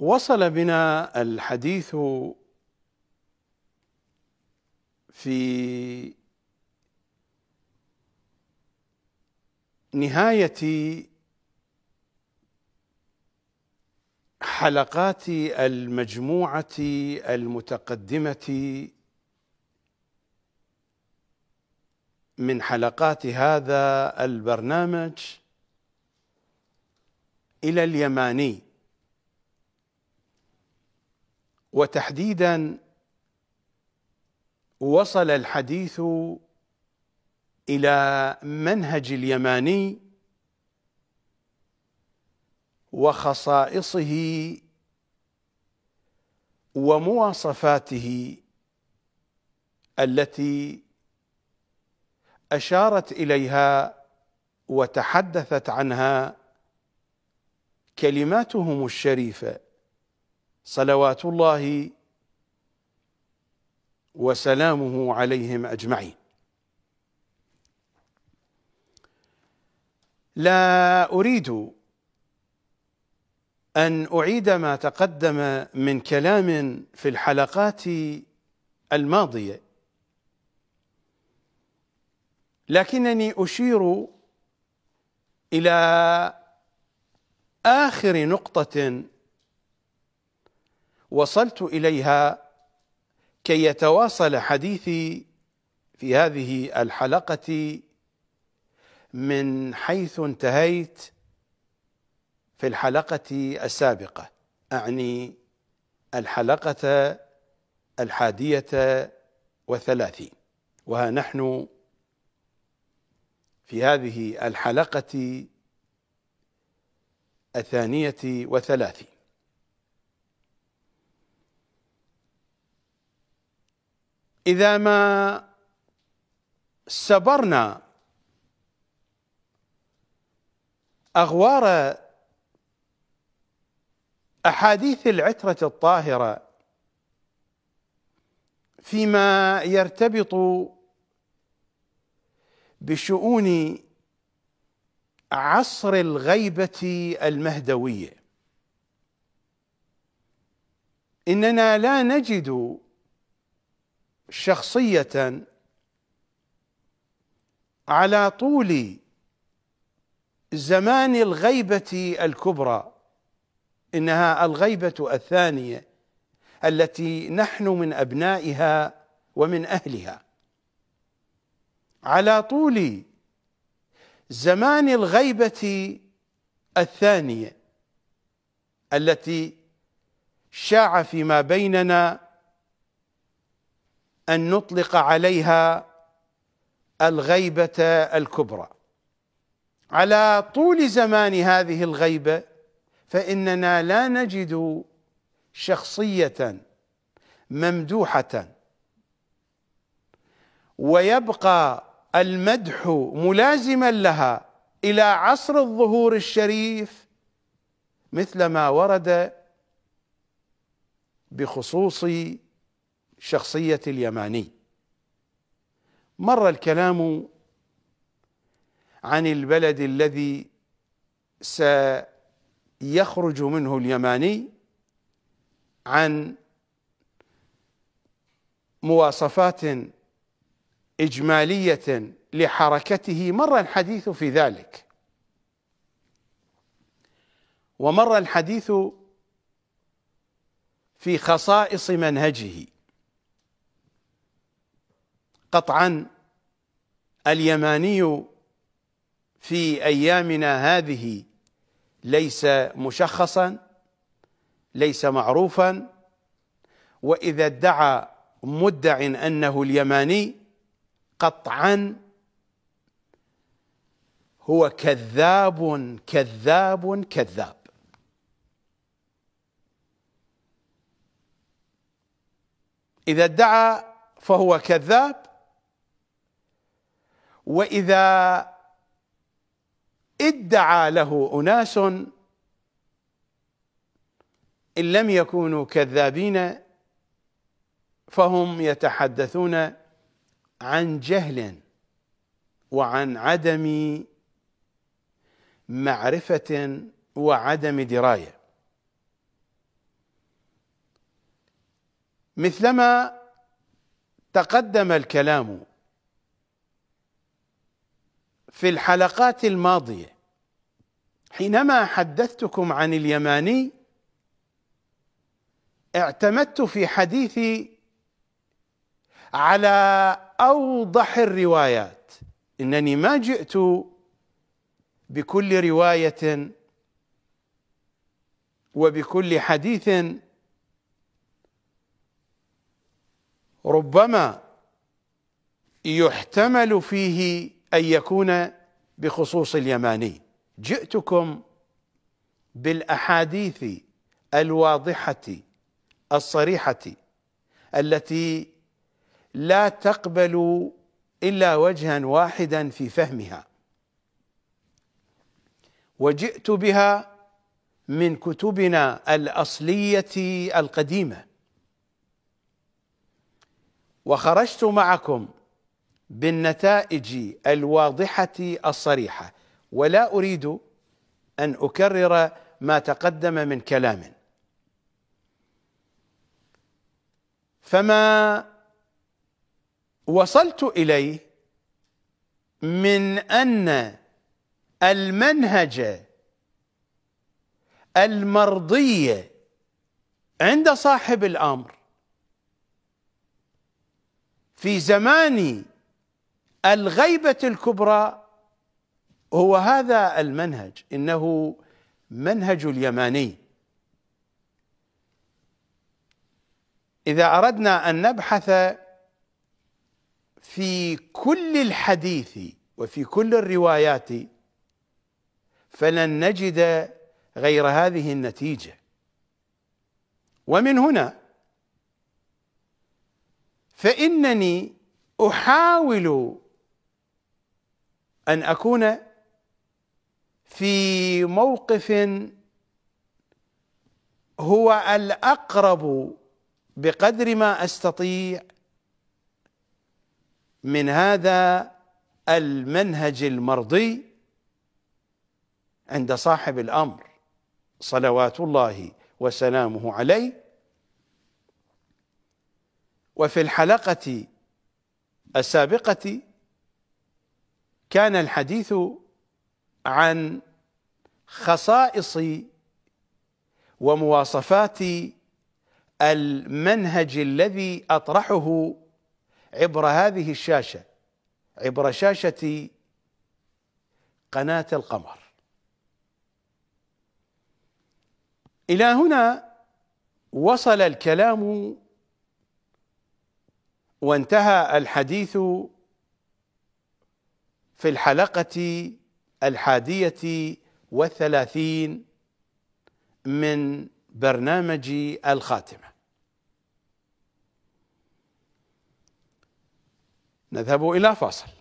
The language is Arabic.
وصل بنا الحديث في نهايه حلقات المجموعه المتقدمه من حلقات هذا البرنامج الى اليماني وتحديدا وصل الحديث الى منهج اليماني وخصائصه ومواصفاته التي اشارت اليها وتحدثت عنها كلماتهم الشريفه صلوات الله وسلامه عليهم اجمعين لا اريد ان اعيد ما تقدم من كلام في الحلقات الماضيه لكنني اشير الى اخر نقطه وصلت إليها كي يتواصل حديثي في هذه الحلقة من حيث انتهيت في الحلقة السابقة أعني الحلقة الحادية وثلاثين وها نحن في هذه الحلقة الثانية وثلاثين إذا ما سبرنا أغوار أحاديث العترة الطاهرة فيما يرتبط بشؤون عصر الغيبة المهدوية إننا لا نجد شخصية على طول زمان الغيبة الكبرى إنها الغيبة الثانية التي نحن من أبنائها ومن أهلها على طول زمان الغيبة الثانية التي شاع فيما بيننا ان نطلق عليها الغيبه الكبرى على طول زمان هذه الغيبه فاننا لا نجد شخصيه ممدوحه ويبقى المدح ملازما لها الى عصر الظهور الشريف مثل ما ورد بخصوص شخصية اليماني مر الكلام عن البلد الذي سيخرج منه اليماني عن مواصفات إجمالية لحركته مر الحديث في ذلك ومر الحديث في خصائص منهجه قطعا اليماني في ايامنا هذه ليس مشخصا ليس معروفا واذا ادعى مدع انه اليماني قطعا هو كذاب كذاب كذاب اذا ادعى فهو كذاب واذا ادعى له اناس ان لم يكونوا كذابين فهم يتحدثون عن جهل وعن عدم معرفه وعدم درايه مثلما تقدم الكلام في الحلقات الماضيه حينما حدثتكم عن اليماني اعتمدت في حديثي على اوضح الروايات انني ما جئت بكل روايه وبكل حديث ربما يحتمل فيه أن يكون بخصوص اليماني جئتكم بالأحاديث الواضحة الصريحة التي لا تقبل إلا وجها واحدا في فهمها وجئت بها من كتبنا الأصلية القديمة وخرجت معكم بالنتائج الواضحه الصريحه ولا اريد ان اكرر ما تقدم من كلام فما وصلت اليه من ان المنهج المرضي عند صاحب الامر في زمان الغيبة الكبرى هو هذا المنهج إنه منهج اليماني إذا أردنا أن نبحث في كل الحديث وفي كل الروايات فلن نجد غير هذه النتيجة ومن هنا فإنني أحاول ان اكون في موقف هو الاقرب بقدر ما استطيع من هذا المنهج المرضي عند صاحب الامر صلوات الله وسلامه عليه وفي الحلقه السابقه كان الحديث عن خصائص ومواصفات المنهج الذي اطرحه عبر هذه الشاشه عبر شاشه قناه القمر الى هنا وصل الكلام وانتهى الحديث في الحلقة الحادية والثلاثين من برنامج الخاتمة نذهب إلى فاصل